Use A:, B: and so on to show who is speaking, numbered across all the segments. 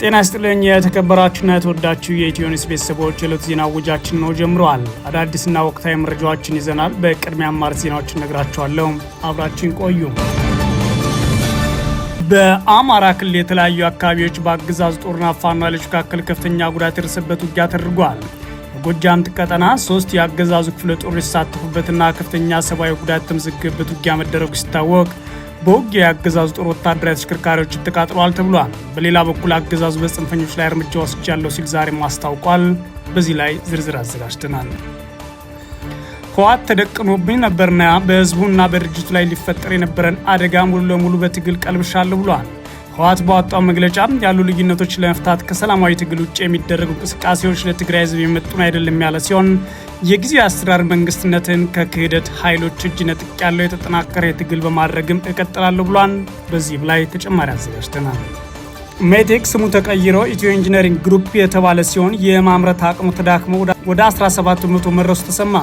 A: ጤና ይስጥልኝ የተከበራችሁና የተወዳችሁ የኢትዮ ኒውስ ቤተሰቦች፣ የዕለቱ ዜና ውጃችን ነው ጀምረዋል። አዳዲስና ወቅታዊ መረጃዎችን ይዘናል። በቅድሚያ አማርት ዜናዎችን ነግራችኋለሁ። አብራችን ቆዩ። በአማራ ክልል የተለያዩ አካባቢዎች በአገዛዙ ጦርና ፋኖ ኃይሎች መካከል ከፍተኛ ጉዳት የደረሰበት ውጊያ ተደርጓል። በጎጃም ቀጠና ሶስት የአገዛዙ ክፍለ ጦር የተሳተፉበትና ከፍተኛ ሰብአዊ ጉዳት የተመዘገበበት ውጊያ መደረጉ ሲታወቅ በውጊያ የአገዛዙ ጦር ወታደራዊ ተሽከርካሪዎች ተቃጥለዋል ተብሏል። በሌላ በኩል አገዛዙ በጽንፈኞች ላይ እርምጃ ወስጃለሁ ሲል ዛሬም አስታውቋል። በዚህ ላይ ዝርዝር አዘጋጅተናል። ህወሓት ተደቅኖብኝ ነበርና በህዝቡና በድርጅቱ ላይ ሊፈጠር የነበረን አደጋ ሙሉ ለሙሉ በትግል ቀልብሻለሁ ብሏል። ህወሓት ባወጣው መግለጫ ያሉ ልዩነቶች ለመፍታት ከሰላማዊ ትግል ውጭ የሚደረጉ እንቅስቃሴዎች ለትግራይ ህዝብ የመጡን አይደለም ያለ ሲሆን የጊዜያዊ አስተዳደር መንግስትነትን ከክህደት ኃይሎች እጅ ነጥቅ ያለው የተጠናከረ የትግል በማድረግም እቀጥላለሁ ብሏል። በዚህም ላይ ተጨማሪ አዘጋጅተናል። ሜቴክ ስሙ ተቀይሮ ኢትዮ ኢንጂነሪንግ ግሩፕ የተባለ ሲሆን የማምረት አቅሙ ተዳክሞ ወደ 17 በመቶ መድረሱ ተሰማ።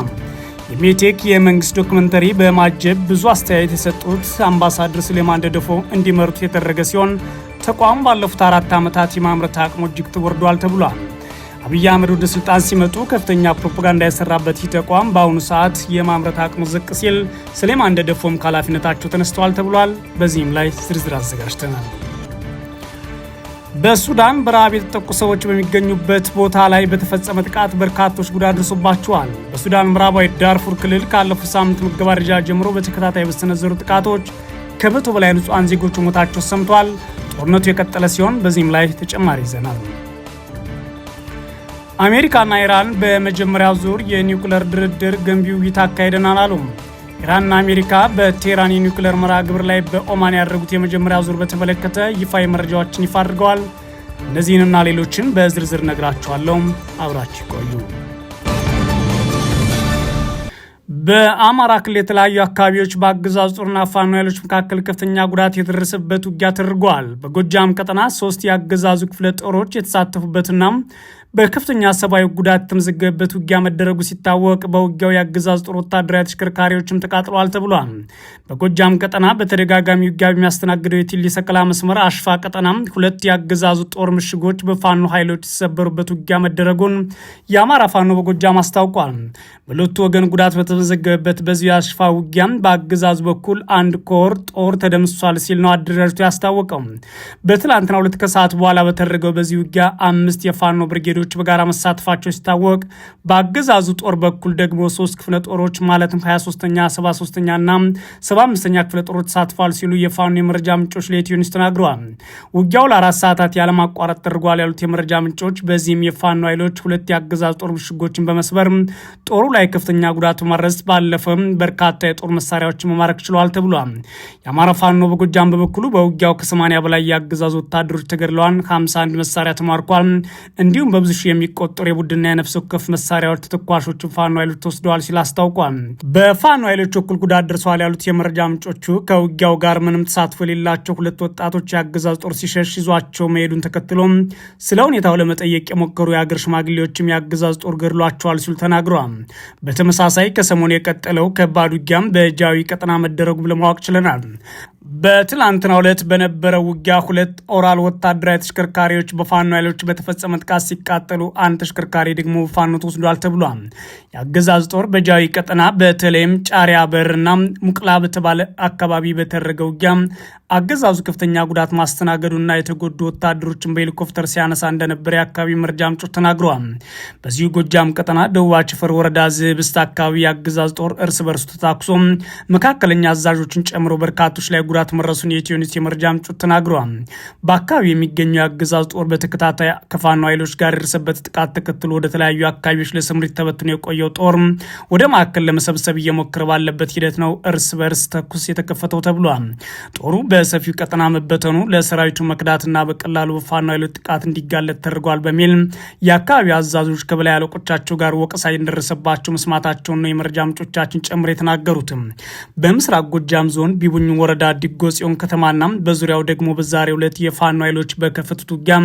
A: የሜቴክ የመንግስት ዶክመንተሪ በማጀብ ብዙ አስተያየት የሰጡት አምባሳደር ስሌማን ደደፎ እንዲመሩት የተደረገ ሲሆን ተቋሙ ባለፉት አራት ዓመታት የማምረት አቅሙ እጅግ ተወርዷል ተብሏል። አብይ አህመድ ወደ ስልጣን ሲመጡ ከፍተኛ ፕሮፓጋንዳ የሰራበት ይህ ተቋም በአሁኑ ሰዓት የማምረት አቅሙ ዝቅ ሲል ስሌማን ደደፎም ከኃላፊነታቸው ተነስተዋል ተብሏል። በዚህም ላይ ዝርዝር አዘጋጅተናል። በሱዳን በረሃብ የተጠቁ ሰዎች በሚገኙበት ቦታ ላይ በተፈጸመ ጥቃት በርካቶች ጉዳት ደርሶባቸዋል። በሱዳን ምዕራባዊ ዳርፉር ክልል ካለፉት ሳምንት መገባደጃ ጀምሮ በተከታታይ በተሰነዘሩ ጥቃቶች ከመቶ በላይ ንጹሐን ዜጎች ሞታቸው ሰምቷል። ጦርነቱ የቀጠለ ሲሆን በዚህም ላይ ተጨማሪ ይዘናል። አሜሪካና ኢራን በመጀመሪያው ዙር የኒውክለር ድርድር ገንቢ ውይይት አካሄደናል አሉም። ኢራንና አሜሪካ በቴህራን የኒውክሌር መርሃ ግብር ላይ በኦማን ያደረጉት የመጀመሪያ ዙር በተመለከተ ይፋዊ መረጃዎችን ይፋ አድርገዋል። እነዚህንና ሌሎችን በዝርዝር ነግራችኋለሁ። አብራችሁ ይቆዩ። በአማራ ክልል የተለያዩ አካባቢዎች በአገዛዙ ጦርና ፋኖ ኃይሎች መካከል ከፍተኛ ጉዳት የደረሰበት ውጊያ ተደርጓል። በጎጃም ቀጠና ሶስት የአገዛዙ ክፍለ ጦሮች የተሳተፉበትና በከፍተኛ ሰብአዊ ጉዳት የተመዘገበበት ውጊያ መደረጉ ሲታወቅ በውጊያው የአገዛዝ ጦር ወታደራዊ ተሽከርካሪዎችም ተቃጥለዋል ተብሏል። በጎጃም ቀጠና በተደጋጋሚ ውጊያ የሚያስተናግደው የቲሊ ሰቀላ መስመር አሽፋ ቀጠና ሁለት የአገዛዙ ጦር ምሽጎች በፋኖ ኃይሎች የተሰበሩበት ውጊያ መደረጉን የአማራ ፋኖ በጎጃም አስታውቋል። በሁለቱ ወገን ጉዳት በተመዘገበበት በዚሁ የአሽፋ ውጊያ በአገዛዙ በኩል አንድ ኮር ጦር ተደምስሷል ሲል ነው አደራጅቱ ያስታወቀው። በትላንትና ሁለት ከሰዓት በኋላ በተደረገው በዚህ ውጊያ አምስት የፋኖ ብርጌዶ ኃይሎች በጋራ መሳተፋቸው ሲታወቅ በአገዛዙ ጦር በኩል ደግሞ ሶስት ክፍለ ጦሮች ማለትም 23ኛ፣ 73ኛ እና 75ኛ ክፍለ ጦሮች ተሳትፏል ሲሉ የፋኖ የመረጃ ምንጮች ለኢትዮ ኒውስ ተናግረዋል። ውጊያው ለአራት ሰዓታት ያለማቋረጥ ተደርጓል ያሉት የመረጃ ምንጮች በዚህም የፋኑ ኃይሎች ሁለት የአገዛዙ ጦር ምሽጎችን በመስበር ጦሩ ላይ ከፍተኛ ጉዳት ማድረስ ባለፈም በርካታ የጦር መሳሪያዎችን መማረክ ችሏል ተብሏል። የአማራ ፋኖ በጎጃም በበኩሉ በውጊያው ከ80 በላይ የአገዛዙ ወታደሮች ተገድለዋል፣ 51 መሳሪያ ተማርኳል፣ እንዲሁም በብዙ ሺህ የሚቆጠሩ የቡድንና የነፍስ ወከፍ መሳሪያዎች ተተኳሾችን ፋኖ ኃይሎች ተወስደዋል ሲል አስታውቋል። በፋኖ ኃይሎች በኩል ጉዳት ደርሰዋል ያሉት የመረጃ ምንጮቹ ከውጊያው ጋር ምንም ተሳትፎ የሌላቸው ሁለት ወጣቶች የአገዛዝ ጦር ሲሸሽ ይዟቸው መሄዱን ተከትሎም ስለ ሁኔታው ለመጠየቅ የሞከሩ የአገር ሽማግሌዎችም የአገዛዝ ጦር ገድሏቸዋል ሲሉ ተናግረዋል። በተመሳሳይ ከሰሞኑ የቀጠለው ከባድ ውጊያም በእጃዊ ቀጠና መደረጉ ለማወቅ ችለናል። በትላንትናው ዕለት በነበረው ውጊያ ሁለት ኦራል ወታደራዊ ተሽከርካሪዎች በፋኖ ኃይሎች በተፈጸመ ጥቃት ሲቃጠሉ አንድ ተሽከርካሪ ደግሞ ፋኖ ተወስዷል ተብሏል። የአገዛዝ ጦር በጃዊ ቀጠና በተለይም ጫሪያ በርና ሙቅላ በተባለ አካባቢ በተደረገ ውጊያ አገዛዙ ከፍተኛ ጉዳት ማስተናገዱና የተጎዱ ወታደሮችን በሄሊኮፕተር ሲያነሳ እንደነበር የአካባቢ መረጃ ምንጮች ተናግረዋል። በዚሁ ጎጃም ቀጠና ደቡብ አቸፈር ወረዳ ዝብስት አካባቢ የአገዛዝ ጦር እርስ በርሱ ተታኩሶ መካከለኛ አዛዦችን ጨምሮ በርካቶች ላይ ጉዳት መረሱን የኢትዮ የመረጃ ምንጮች ተናግረዋል። በአካባቢ የሚገኘው የአገዛዝ ጦር በተከታታይ ከፋኖ ኃይሎች ጋር የደረሰበት ጥቃት ተከትሎ ወደ ተለያዩ አካባቢዎች ለስምሪት ተበትኖ የቆየው ጦር ወደ ማዕከል ለመሰብሰብ እየሞከረ ባለበት ሂደት ነው እርስ በርስ ተኩስ የተከፈተው ተብሏል። ጦሩ በ በሰፊው ቀጠና መበተኑ ለሰራዊቱ መክዳትና በቀላሉ በፋኖ ኃይሎች ጥቃት እንዲጋለጥ ተደርጓል በሚል የአካባቢው አዛዦች ከበላይ አለቆቻቸው ጋር ወቀሳ እንደደረሰባቸው መስማታቸውን ነው የመረጃ ምንጮቻችን ጨምሮ የተናገሩትም። በምስራቅ ጎጃም ዞን ቢቡኝ ወረዳ ዲጎ ጽዮን ከተማና በዙሪያው ደግሞ በዛሬው ዕለት የፋኖ ኃይሎች በከፈቱት ውጊያ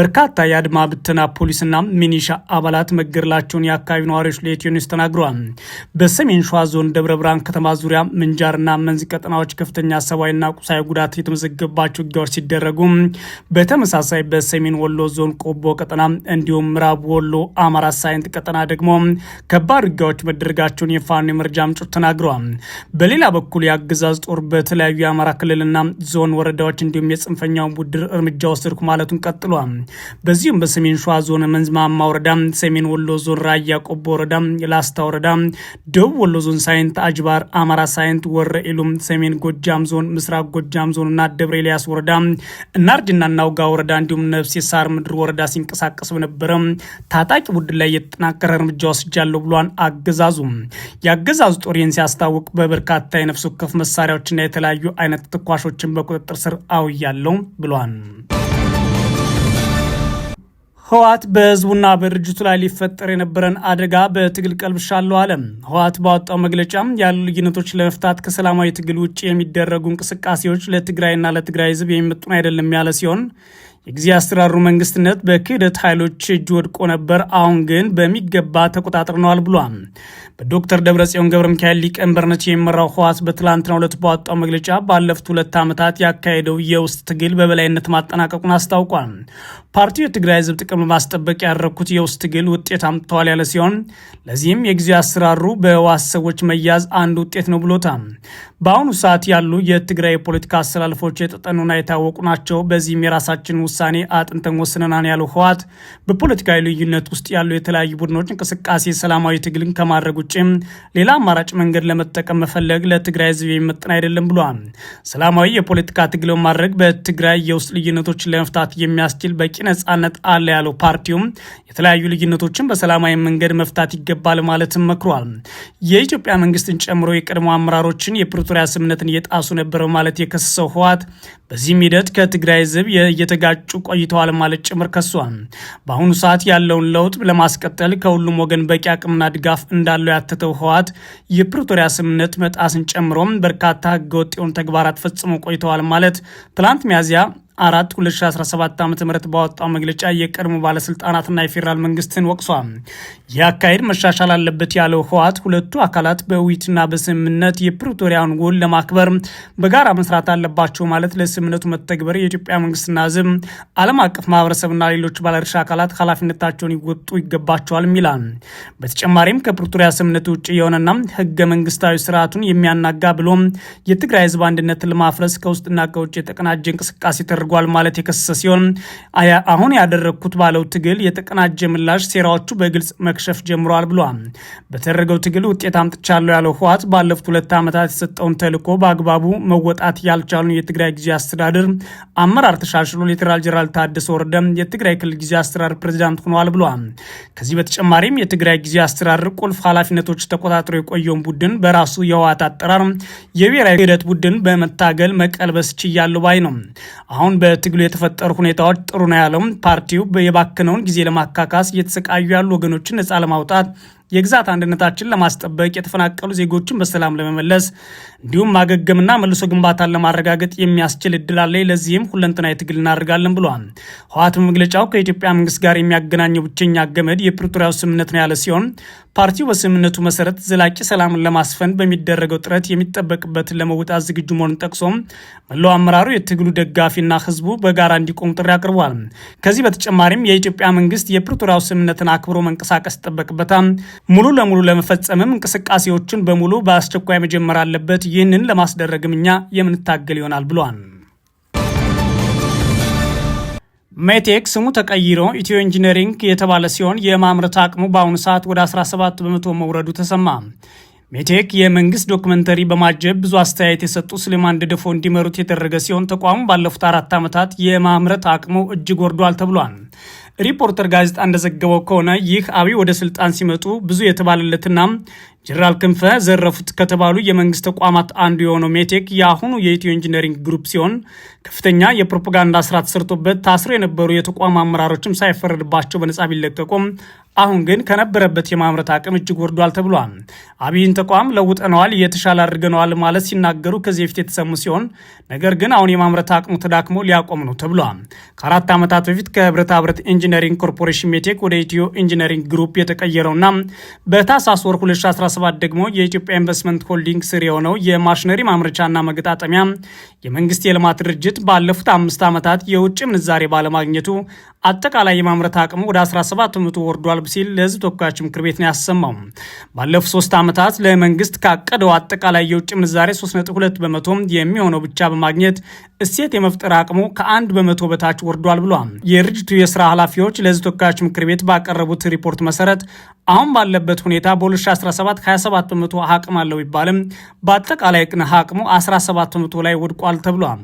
A: በርካታ የአድማ ብተና ፖሊስና ሚኒሻ አባላት መገደላቸውን የአካባቢ ነዋሪዎች ለኢትዮ ኒውስ ተናግረዋል። በሰሜን ሸዋ ዞን ደብረ ብርሃን ከተማ ዙሪያ ምንጃርና መንዝ ቀጠናዎች ከፍተኛ ሰብአዊና ቁሳዊ አካላዊ ጉዳት የተመዘገባቸው ውጊያዎች ሲደረጉ፣ በተመሳሳይ በሰሜን ወሎ ዞን ቆቦ ቀጠና እንዲሁም ምዕራብ ወሎ አማራ ሳይንት ቀጠና ደግሞ ከባድ ውጊያዎች መደረጋቸውን የፋኖ የመረጃ ምንጮች ተናግረዋል። በሌላ በኩል የአገዛዝ ጦር በተለያዩ የአማራ ክልልና ዞን ወረዳዎች እንዲሁም የጽንፈኛውን ቡድን እርምጃ ወሰድኩ ማለቱን ቀጥሏል። በዚሁም በሰሜን ሸዋ ዞን መንዝማማ ወረዳ፣ ሰሜን ወሎ ዞን ራያ ቆቦ ወረዳ፣ የላስታ ወረዳ፣ ደቡብ ወሎ ዞን ሳይንት አጅባር፣ አማራ ሳይንት ወረ ኢሉም፣ ሰሜን ጎጃም ዞን ምስራቅ ጎጃም ዞንና ደብረ ኤልያስ ወረዳ እናርጅና እናውጋ ወረዳ እንዲሁም ነፍሴ ሳር ምድር ወረዳ ሲንቀሳቀስ በነበረ ታጣቂ ቡድን ላይ የተጠናከረ እርምጃ ወስጃለሁ ብሏን አገዛዙ የአገዛዙ ጦሬን ሲያስታውቅ በበርካታ የነፍስ ወከፍ መሳሪያዎችና የተለያዩ አይነት ተኳሾችን በቁጥጥር ስር አውያለሁ ብሏል። ህወሓት በህዝቡና በድርጅቱ ላይ ሊፈጠር የነበረን አደጋ በትግል ቀልብሻለሁ አለ። ህወሓት ባወጣው መግለጫ ያሉ ልዩነቶች ለመፍታት ከሰላማዊ ትግል ውጭ የሚደረጉ እንቅስቃሴዎች ለትግራይና ለትግራይ ህዝብ የሚመጡን አይደለም ያለ ሲሆን የጊዜ አስተራሩ መንግስትነት በክህደት ኃይሎች እጅ ወድቆ ነበር፣ አሁን ግን በሚገባ ተቆጣጥረነዋል ብሏል። በዶክተር ደብረጽዮን ገብረ ሚካኤል ሊቀመንበርነት የሚመራው ህወሓት በትላንትና ሁለት ባወጣው መግለጫ ባለፉት ሁለት ዓመታት ያካሄደው የውስጥ ትግል በበላይነት ማጠናቀቁን አስታውቋል። ፓርቲው የትግራይ ህዝብ ጥቅም ለማስጠበቅ ያደረግኩት የውስጥ ትግል ውጤት አምጥተዋል ያለ ሲሆን ለዚህም የጊዜ አሰራሩ በህወሓት ሰዎች መያዝ አንድ ውጤት ነው ብሎታል። በአሁኑ ሰዓት ያሉ የትግራይ የፖለቲካ አስተላልፎች የተጠኑና የታወቁ ናቸው። በዚህም የራሳችን ውሳኔ አጥንተን ወስነናን ያሉ ህወሓት በፖለቲካዊ ልዩነት ውስጥ ያሉ የተለያዩ ቡድኖች እንቅስቃሴ ሰላማዊ ትግልን ከማድረግ ውጭም ሌላ አማራጭ መንገድ ለመጠቀም መፈለግ ለትግራይ ህዝብ የሚመጥን አይደለም ብሏል። ሰላማዊ የፖለቲካ ትግል ማድረግ በትግራይ የውስጥ ልዩነቶችን ለመፍታት የሚያስችል በቂ ነጻነት አለ ያለው ፓርቲውም የተለያዩ ልዩነቶችን በሰላማዊ መንገድ መፍታት ይገባል ማለትም መክሯል። የኢትዮጵያ መንግስትን ጨምሮ የቀድሞ አመራሮችን የፕሪቶ የፕሪቶሪያ ስምምነትን እየጣሱ ነበር ማለት የከሰሰው ህወሓት በዚህም ሂደት ከትግራይ ህዝብ እየተጋጩ ቆይተዋል ማለት ጭምር ከሷል። በአሁኑ ሰዓት ያለውን ለውጥ ለማስቀጠል ከሁሉም ወገን በቂ አቅምና ድጋፍ እንዳለው ያተተው ህወሓት የፕሪቶሪያ ስምምነት መጣስን ጨምሮም በርካታ ህገወጥ የሆኑ ተግባራት ፈጽሞ ቆይተዋል ማለት ትላንት ሚያዝያ አራት 2017 ዓ ም ባወጣው መግለጫ የቀድሞ ባለስልጣናትና የፌዴራል መንግስትን ወቅሷል። የአካሄድ መሻሻል አለበት ያለው ህወሓት ሁለቱ አካላት በውይይትና በስምምነት የፕሪቶሪያን ውል ለማክበር በጋራ መስራት አለባቸው ማለት ለስምምነቱ መተግበር የኢትዮጵያ መንግስትና ህዝብ፣ ዓለም አቀፍ ማህበረሰብና ሌሎች ባለድርሻ አካላት ኃላፊነታቸውን ይወጡ ይገባቸዋል ይላል። በተጨማሪም ከፕሪቶሪያ ስምምነት ውጭ የሆነና ህገ መንግስታዊ ስርዓቱን የሚያናጋ ብሎም የትግራይ ህዝብ አንድነትን ለማፍረስ ከውስጥና ከውጭ የተቀናጀ እንቅስቃሴ አድርጓል ማለት የከሰሰ ሲሆን አሁን ያደረግኩት ባለው ትግል የተቀናጀ ምላሽ ሴራዎቹ በግልጽ መክሸፍ ጀምረዋል ብሏል። በተደረገው ትግል ውጤት አምጥቻለሁ ያለው ህወሓት ባለፉት ሁለት ዓመታት የሰጠውን ተልዕኮ በአግባቡ መወጣት ያልቻሉን የትግራይ ጊዜ አስተዳደር አመራር ተሻሽሎ ሌተናል ጀነራል ታደሰ ወረደ የትግራይ ክልል ጊዜ አስተዳደር ፕሬዚዳንት ሆኗል ብሏል። ከዚህ በተጨማሪም የትግራይ ጊዜ አስተዳደር ቁልፍ ኃላፊነቶች ተቆጣጥሮ የቆየውን ቡድን በራሱ የህወሓት አጠራር የብሔራዊ ሂደት ቡድን በመታገል መቀልበስ ችያለሁ ባይ ነው። አሁን አሁን በትግሉ የተፈጠሩ ሁኔታዎች ጥሩ ነው ያለውም ፓርቲው የባከነውን ጊዜ ለማካካስ እየተሰቃዩ ያሉ ወገኖችን ነጻ ለማውጣት የግዛት አንድነታችን ለማስጠበቅ የተፈናቀሉ ዜጎችን በሰላም ለመመለስ እንዲሁም ማገገምና መልሶ ግንባታን ለማረጋገጥ የሚያስችል እድል አለ። ለዚህም ሁለንተና የትግል እናደርጋለን ብሏል። ህወሓት በመግለጫው ከኢትዮጵያ መንግስት ጋር የሚያገናኘው ብቸኛ ገመድ የፕሪቶሪያው ስምምነት ነው ያለ ሲሆን ፓርቲው በስምምነቱ መሰረት ዘላቂ ሰላምን ለማስፈን በሚደረገው ጥረት የሚጠበቅበትን ለመውጣት ዝግጁ መሆኑን ጠቅሶም መላው አመራሩ የትግሉ ደጋፊና ህዝቡ በጋራ እንዲቆም ጥሪ አቅርቧል። ከዚህ በተጨማሪም የኢትዮጵያ መንግስት የፕሪቶሪያው ስምምነትን አክብሮ መንቀሳቀስ ይጠበቅበታል። ሙሉ ለሙሉ ለመፈጸምም እንቅስቃሴዎችን በሙሉ በአስቸኳይ መጀመር አለበት። ይህንን ለማስደረግም እኛ የምንታገል ይሆናል ብሏል። ሜቴክ ስሙ ተቀይሮ ኢትዮ ኢንጂነሪንግ የተባለ ሲሆን የማምረት አቅሙ በአሁኑ ሰዓት ወደ 17 በመቶ መውረዱ ተሰማ። ሜቴክ የመንግስት ዶክመንተሪ በማጀብ ብዙ አስተያየት የሰጡ ስሌማን ደደፎ እንዲመሩት የተደረገ ሲሆን ተቋሙ ባለፉት አራት ዓመታት የማምረት አቅሙ እጅግ ወርዷል ተብሏል። ሪፖርተር ጋዜጣ እንደዘገበው ከሆነ ይህ አብይ ወደ ስልጣን ሲመጡ ብዙ የተባለለትና ጀነራል ክንፈ ዘረፉት ከተባሉ የመንግስት ተቋማት አንዱ የሆነው ሜቴክ የአሁኑ የኢትዮ ኢንጂነሪንግ ግሩፕ ሲሆን ከፍተኛ የፕሮፓጋንዳ ስራ ተሰርቶበት ታስሮ የነበሩ የተቋም አመራሮችም ሳይፈረድባቸው በነጻ ቢለቀቁም አሁን ግን ከነበረበት የማምረት አቅም እጅግ ወርዷል ተብሏል። አብይን ተቋም ለውጠነዋል፣ የተሻለ አድርገነዋል ማለት ሲናገሩ ከዚህ በፊት የተሰሙ ሲሆን ነገር ግን አሁን የማምረት አቅሙ ተዳክሞ ሊያቆም ነው ተብሏል። ከአራት ዓመታት በፊት ከህብረታ ብረት ኢንጂነሪንግ ኮርፖሬሽን ሜቴክ ወደ ኢትዮ ኢንጂነሪንግ ግሩፕ የተቀየረውና በታህሳስ ወር 2017 ደግሞ የኢትዮጵያ ኢንቨስትመንት ሆልዲንግ ስር የሆነው የማሽነሪ ማምረቻና መገጣጠሚያ የመንግስት የልማት ድርጅት ባለፉት አምስት ዓመታት የውጭ ምንዛሬ ባለማግኘቱ አጠቃላይ የማምረት አቅሙ ወደ 17 በመቶ ወርዷል ሲል ለህዝብ ተወካዮች ምክር ቤት ነው ያሰማው። ባለፉት ሶስት ዓመታት ለመንግስት ካቀደው አጠቃላይ የውጭ ምንዛሬ 3.2 በመቶ የሚሆነው ብቻ በማግኘት እሴት የመፍጠር አቅሙ ከአንድ በመቶ በታች ወርዷል ብሏል። የድርጅቱ የስራ ኃላፊዎች ለህዝብ ተወካዮች ምክር ቤት ባቀረቡት ሪፖርት መሰረት አሁን ባለበት ሁኔታ በ2017 27 በመቶ አቅም አለው ቢባልም በአጠቃላይ ቅን አቅሙ 17 በመቶ ላይ ወድቋል ተብሏል።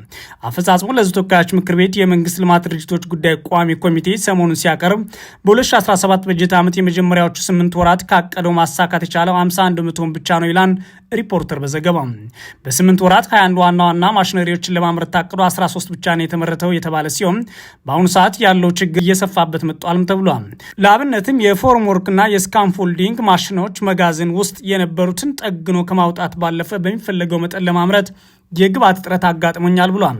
A: አፈጻጽሞ ለህዝብ ተወካዮች ምክር ቤት የመንግስት ልማት ድርጅቶች ጉዳይ ቋሚ ኮሚቴ ሰሞኑን ሲያቀርብ በ2017 በጀት ዓመት የመጀመሪያዎቹ ስምንት ወራት ካቀደው ማሳካት የቻለው 51 በመቶውን ብቻ ነው ይላል ሪፖርተር በዘገባ። በስምንት ወራት 21 ዋና ዋና ማሽነሪዎችን ለማምረት ታቅዶ 13 ብቻ ነው የተመረተው የተባለ ሲሆን በአሁኑ ሰዓት ያለው ችግር እየሰፋበት መጥቷልም ተብሏል። ለአብነትም የፎርም ወርክና የስካንፎልዲንግ ማሽኖች መጋዘን ውስጥ የነበሩትን ጠግኖ ከማውጣት ባለፈ በሚፈለገው መጠን ለማምረት የግብአት እጥረት አጋጥሞኛል ብሏል።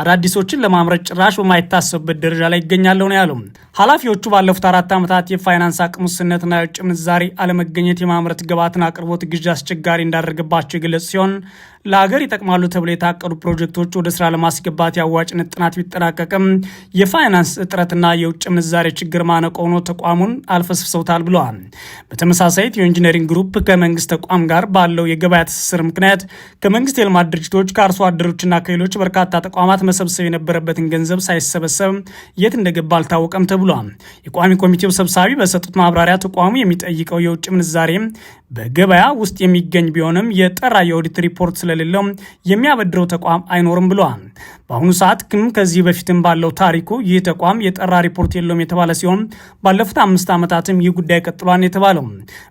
A: አዳዲሶችን ለማምረት ጭራሽ በማይታሰብበት ደረጃ ላይ ይገኛለሁ ነው ያለው። ኃላፊዎቹ ባለፉት አራት ዓመታት የፋይናንስ አቅም ውስንነትና የውጭ ምንዛሪ አለመገኘት የማምረት ግብአትን አቅርቦት ግዢ አስቸጋሪ እንዳደረገባቸው የገለጹ ሲሆን ለሀገር ይጠቅማሉ ተብሎ የታቀዱ ፕሮጀክቶች ወደ ስራ ለማስገባት የአዋጭነት ጥናት ቢጠናቀቅም የፋይናንስ እጥረትና የውጭ ምንዛሬ ችግር ማነቆ ሆኖ ተቋሙን አልፈስፍሰውታል ብለዋል። በተመሳሳይ የኢንጂነሪንግ ግሩፕ ከመንግስት ተቋም ጋር ባለው የገበያ ትስስር ምክንያት ከመንግስት የልማት ድርጅቶች ከአርሶ አደሮችና ከሌሎች በርካታ ተቋማት መሰብሰብ የነበረበትን ገንዘብ ሳይሰበሰብ የት እንደገባ አልታወቀም ተብሏል። የቋሚ ኮሚቴው ሰብሳቢ በሰጡት ማብራሪያ ተቋሙ የሚጠይቀው የውጭ ምንዛሬ በገበያ ውስጥ የሚገኝ ቢሆንም የጠራ የኦዲት ሪፖርት ስለ ስለሌለው የሚያበድረው ተቋም አይኖርም ብለዋል። በአሁኑ ሰዓት ግን ከዚህ በፊትም ባለው ታሪኩ ይህ ተቋም የጠራ ሪፖርት የለውም የተባለ ሲሆን ባለፉት አምስት ዓመታትም ይህ ጉዳይ ቀጥሏል የተባለው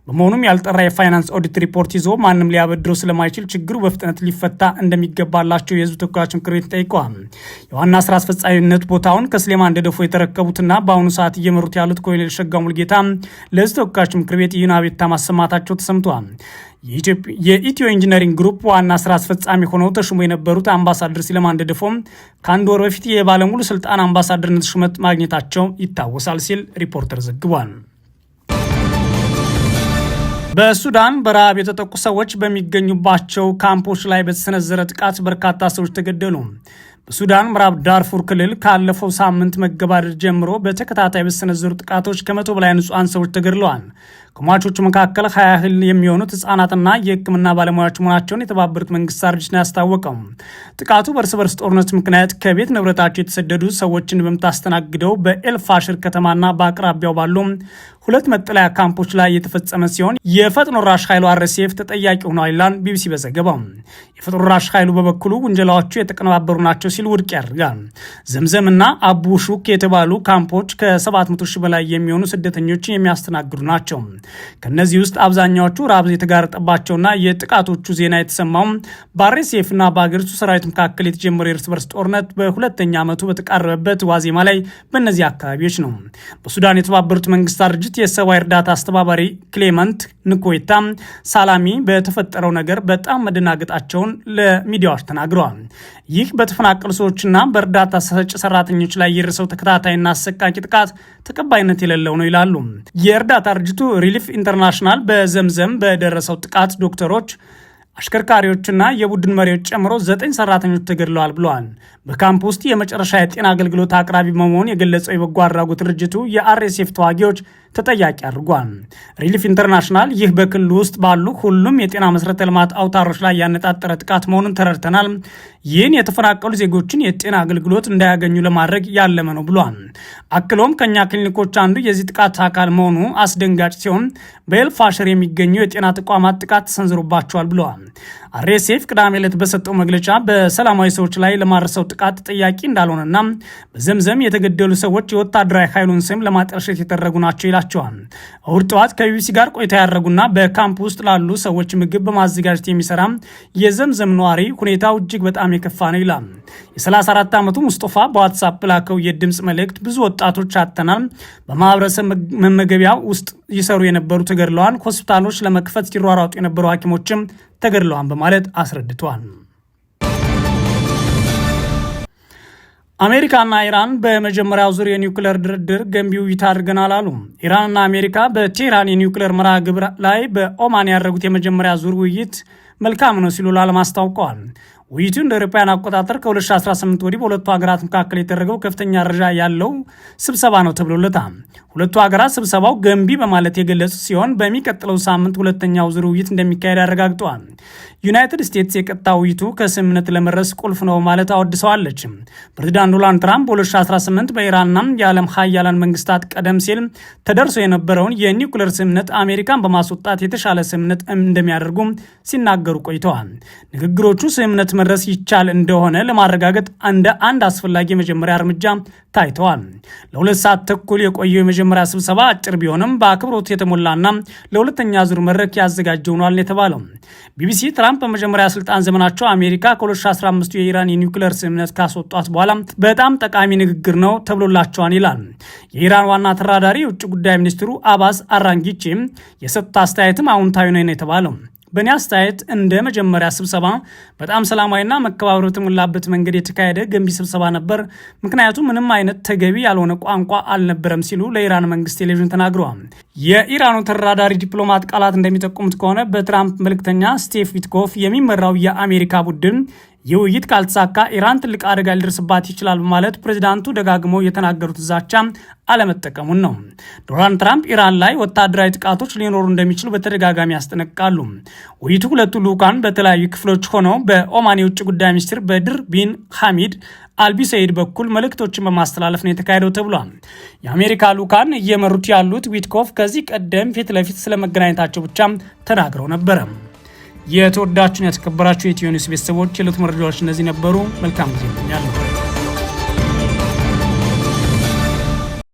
A: በመሆኑም ያልጠራ የፋይናንስ ኦዲት ሪፖርት ይዞ ማንም ሊያበድረው ስለማይችል ችግሩ በፍጥነት ሊፈታ እንደሚገባላቸው የህዝብ ተወካዮች ምክር ቤት ጠይቀዋል። የዋና ስራ አስፈጻሚነት ቦታውን ከስሌማን ደደፎ የተረከቡትና በአሁኑ ሰዓት እየመሩት ያሉት ኮሎኔል ሸጋ ሙልጌታ ለህዝብ ተወካዮች ምክር ቤት ይህን አቤቱታ ማሰማታቸው ተሰምተዋል። የኢትዮ ኢንጂነሪንግ ግሩፕ ዋና ስራ አስፈጻሚ ሆነው ተሹሞ የነበሩት አምባሳደር ሲለማን ደደፎም ከአንድ ወር በፊት የባለሙሉ ስልጣን አምባሳደርነት ሹመት ማግኘታቸው ይታወሳል ሲል ሪፖርተር ዘግቧል። በሱዳን በረሃብ የተጠቁ ሰዎች በሚገኙባቸው ካምፖች ላይ በተሰነዘረ ጥቃት በርካታ ሰዎች ተገደሉ። በሱዳን ምዕራብ ዳርፉር ክልል ካለፈው ሳምንት መገባደድ ጀምሮ በተከታታይ በሰነዘሩ ጥቃቶች ከመቶ በላይ ንጹሐን ሰዎች ተገድለዋል። ከሟቾቹ መካከል ሀያ ያህል የሚሆኑት ህጻናትና የህክምና ባለሙያዎች መሆናቸውን የተባበሩት መንግስታት ድርጅት ነው ያስታወቀው። ጥቃቱ በእርስ በርስ ጦርነት ምክንያት ከቤት ንብረታቸው የተሰደዱ ሰዎችን በምታስተናግደው በኤልፋሽር ከተማና በአቅራቢያው ባሉ ሁለት መጠለያ ካምፖች ላይ የተፈጸመ ሲሆን የፈጥኖ ራሽ ኃይሉ አርሴፍ ተጠያቂ ሆኗል ይላል ቢቢሲ በዘገባው። የፈጥኖ ራሽ ኃይሉ በበኩሉ ውንጀላዎቹ የተቀነባበሩ ናቸው ሲል ውድቅ ያደርጋል። ዘምዘምና አቡ ሹክ የተባሉ ካምፖች ከ700 ሺህ በላይ የሚሆኑ ስደተኞችን የሚያስተናግዱ ናቸው። ከእነዚህ ውስጥ አብዛኛዎቹ ረሃብ የተጋረጠባቸውና የጥቃቶቹ ዜና የተሰማው በአርሴፍና በአገሪቱ ሰራዊት መካከል የተጀመረ የእርስ በርስ ጦርነት በሁለተኛ ዓመቱ በተቃረበበት ዋዜማ ላይ በእነዚህ አካባቢዎች ነው። በሱዳን የተባበሩት መንግስታት ድርጅት የሰብአዊ እርዳታ አስተባባሪ ክሌመንት ንኮይታ ሳላሚ በተፈጠረው ነገር በጣም መደናገጣቸውን ለሚዲያዎች ተናግረዋል። ይህ በተፈናቀሉ ሰዎችና በእርዳታ ሰጭ ሰራተኞች ላይ የደረሰው ተከታታይና አሰቃቂ ጥቃት ተቀባይነት የሌለው ነው ይላሉ። የእርዳታ ድርጅቱ ሪሊፍ ኢንተርናሽናል በዘምዘም በደረሰው ጥቃት ዶክተሮች አሽከርካሪዎችና የቡድን መሪዎች ጨምሮ ዘጠኝ ሰራተኞች ተገድለዋል ብለዋል። በካምፕ ውስጥ የመጨረሻ የጤና አገልግሎት አቅራቢ መሆኑን የገለጸው የበጎ አድራጎት ድርጅቱ የአርኤስኤፍ ተዋጊዎች ተጠያቂ አድርጓል። ሪሊፍ ኢንተርናሽናል ይህ በክልሉ ውስጥ ባሉ ሁሉም የጤና መሰረተ ልማት አውታሮች ላይ ያነጣጠረ ጥቃት መሆኑን ተረድተናል። ይህን የተፈናቀሉ ዜጎችን የጤና አገልግሎት እንዳያገኙ ለማድረግ ያለመ ነው ብሏል። አክሎም ከእኛ ክሊኒኮች አንዱ የዚህ ጥቃት አካል መሆኑ አስደንጋጭ ሲሆን በኤልፋሽር የሚገኙ የጤና ተቋማት ጥቃት ተሰንዝሮባቸዋል ብለዋል። አሬሴፍ ቅዳሜ ዕለት በሰጠው መግለጫ በሰላማዊ ሰዎች ላይ ለማድረሰው ጥቃት ጥያቄ እንዳልሆነና በዘምዘም የተገደሉ ሰዎች የወታደራዊ ኃይሉን ስም ለማጠልሸት የተደረጉ ናቸው ይላል ይገባቸዋል። እሁድ ጠዋት ከቢቢሲ ጋር ቆይታ ያደረጉና በካምፕ ውስጥ ላሉ ሰዎች ምግብ በማዘጋጀት የሚሰራ የዘምዘም ነዋሪ ሁኔታው እጅግ በጣም የከፋ ነው ይላል። የ34 ዓመቱ ሙስጦፋ በዋትሳፕ ላከው የድምፅ መልእክት ብዙ ወጣቶች አጥተናል። በማህበረሰብ መመገቢያ ውስጥ ይሰሩ የነበሩ ተገድለዋል። ሆስፒታሎች ለመክፈት ሲሯሯጡ የነበሩ ሐኪሞችም ተገድለዋል በማለት አስረድተዋል። አሜሪካና ኢራን በመጀመሪያው ዙር የኒውክሌር ድርድር ገንቢ ውይይት አድርገናል አሉ። ኢራንና አሜሪካ በቴህራን የኒውክሌር መርሃ ግብር ላይ በኦማን ያደረጉት የመጀመሪያ ዙር ውይይት መልካም ነው ሲሉ ለዓለም አስታውቀዋል። ውይይቱ እንደ አውሮፓውያን አቆጣጠር ከ2018 ወዲህ በሁለቱ ሀገራት መካከል የተደረገው ከፍተኛ ደረጃ ያለው ስብሰባ ነው ተብሎለታል። ሁለቱ ሀገራት ስብሰባው ገንቢ በማለት የገለጹ ሲሆን በሚቀጥለው ሳምንት ሁለተኛው ዙር ውይይት እንደሚካሄድ አረጋግጠዋል። ዩናይትድ ስቴትስ የቀጥታ ውይይቱ ከስምምነት ለመድረስ ቁልፍ ነው ማለት አወድሰዋለች። ፕሬዚዳንት ዶናልድ ትራምፕ በ2018 በኢራንና የዓለም ሀያላን መንግስታት ቀደም ሲል ተደርሶ የነበረውን የኒውክሌር ስምምነት አሜሪካን በማስወጣት የተሻለ ስምምነት እንደሚያደርጉ ሲናገሩ ቆይተዋል። ንግግሮቹ ስምምነት መድረስ ይቻል እንደሆነ ለማረጋገጥ እንደ አንድ አስፈላጊ የመጀመሪያ እርምጃ ታይተዋል። ለሁለት ሰዓት ተኩል የቆየው የመጀመሪያ ስብሰባ አጭር ቢሆንም በአክብሮት የተሞላና ለሁለተኛ ዙር መድረክ ያዘጋጀ ሆኗል የተባለው ቢቢሲ ትራምፕ በመጀመሪያ ስልጣን ዘመናቸው አሜሪካ ከ2015 የኢራን የኒውክሌር ስምምነት ካስወጧት በኋላ በጣም ጠቃሚ ንግግር ነው ተብሎላቸዋል ይላል። የኢራን ዋና ተራዳሪ የውጭ ጉዳይ ሚኒስትሩ አባስ አራንጊቼም የሰጡት አስተያየትም አዎንታዊ ነው የተባለው በእኔ አስተያየት እንደ መጀመሪያ ስብሰባ በጣም ሰላማዊና መከባበር በተሞላበት መንገድ የተካሄደ ገንቢ ስብሰባ ነበር፣ ምክንያቱም ምንም አይነት ተገቢ ያልሆነ ቋንቋ አልነበረም ሲሉ ለኢራን መንግስት ቴሌቪዥን ተናግረዋል። የኢራኑ ተራዳሪ ዲፕሎማት ቃላት እንደሚጠቁሙት ከሆነ በትራምፕ መልክተኛ ስቴፍ ዊትኮፍ የሚመራው የአሜሪካ ቡድን ይህ ውይይት ካልተሳካ ኢራን ትልቅ አደጋ ሊደርስባት ይችላል በማለት ፕሬዚዳንቱ ደጋግመው የተናገሩት ዛቻ አለመጠቀሙን ነው። ዶናልድ ትራምፕ ኢራን ላይ ወታደራዊ ጥቃቶች ሊኖሩ እንደሚችሉ በተደጋጋሚ ያስጠነቅቃሉ። ውይይቱ ሁለቱ ልዑካን በተለያዩ ክፍሎች ሆነው በኦማን የውጭ ጉዳይ ሚኒስትር በድር ቢን ሐሚድ አልቢሰይድ በኩል መልእክቶችን በማስተላለፍ ነው የተካሄደው ተብሏል። የአሜሪካ ልዑካን እየመሩት ያሉት ዊትኮፍ ከዚህ ቀደም ፊት ለፊት ስለመገናኘታቸው ብቻ ተናግረው ነበረ። የተወዳችሁን ያስከበራችሁ የኢትዮ ኒውስ ቤተሰቦች የዕለቱ መረጃዎች እነዚህ ነበሩ። መልካም ጊዜ ያለው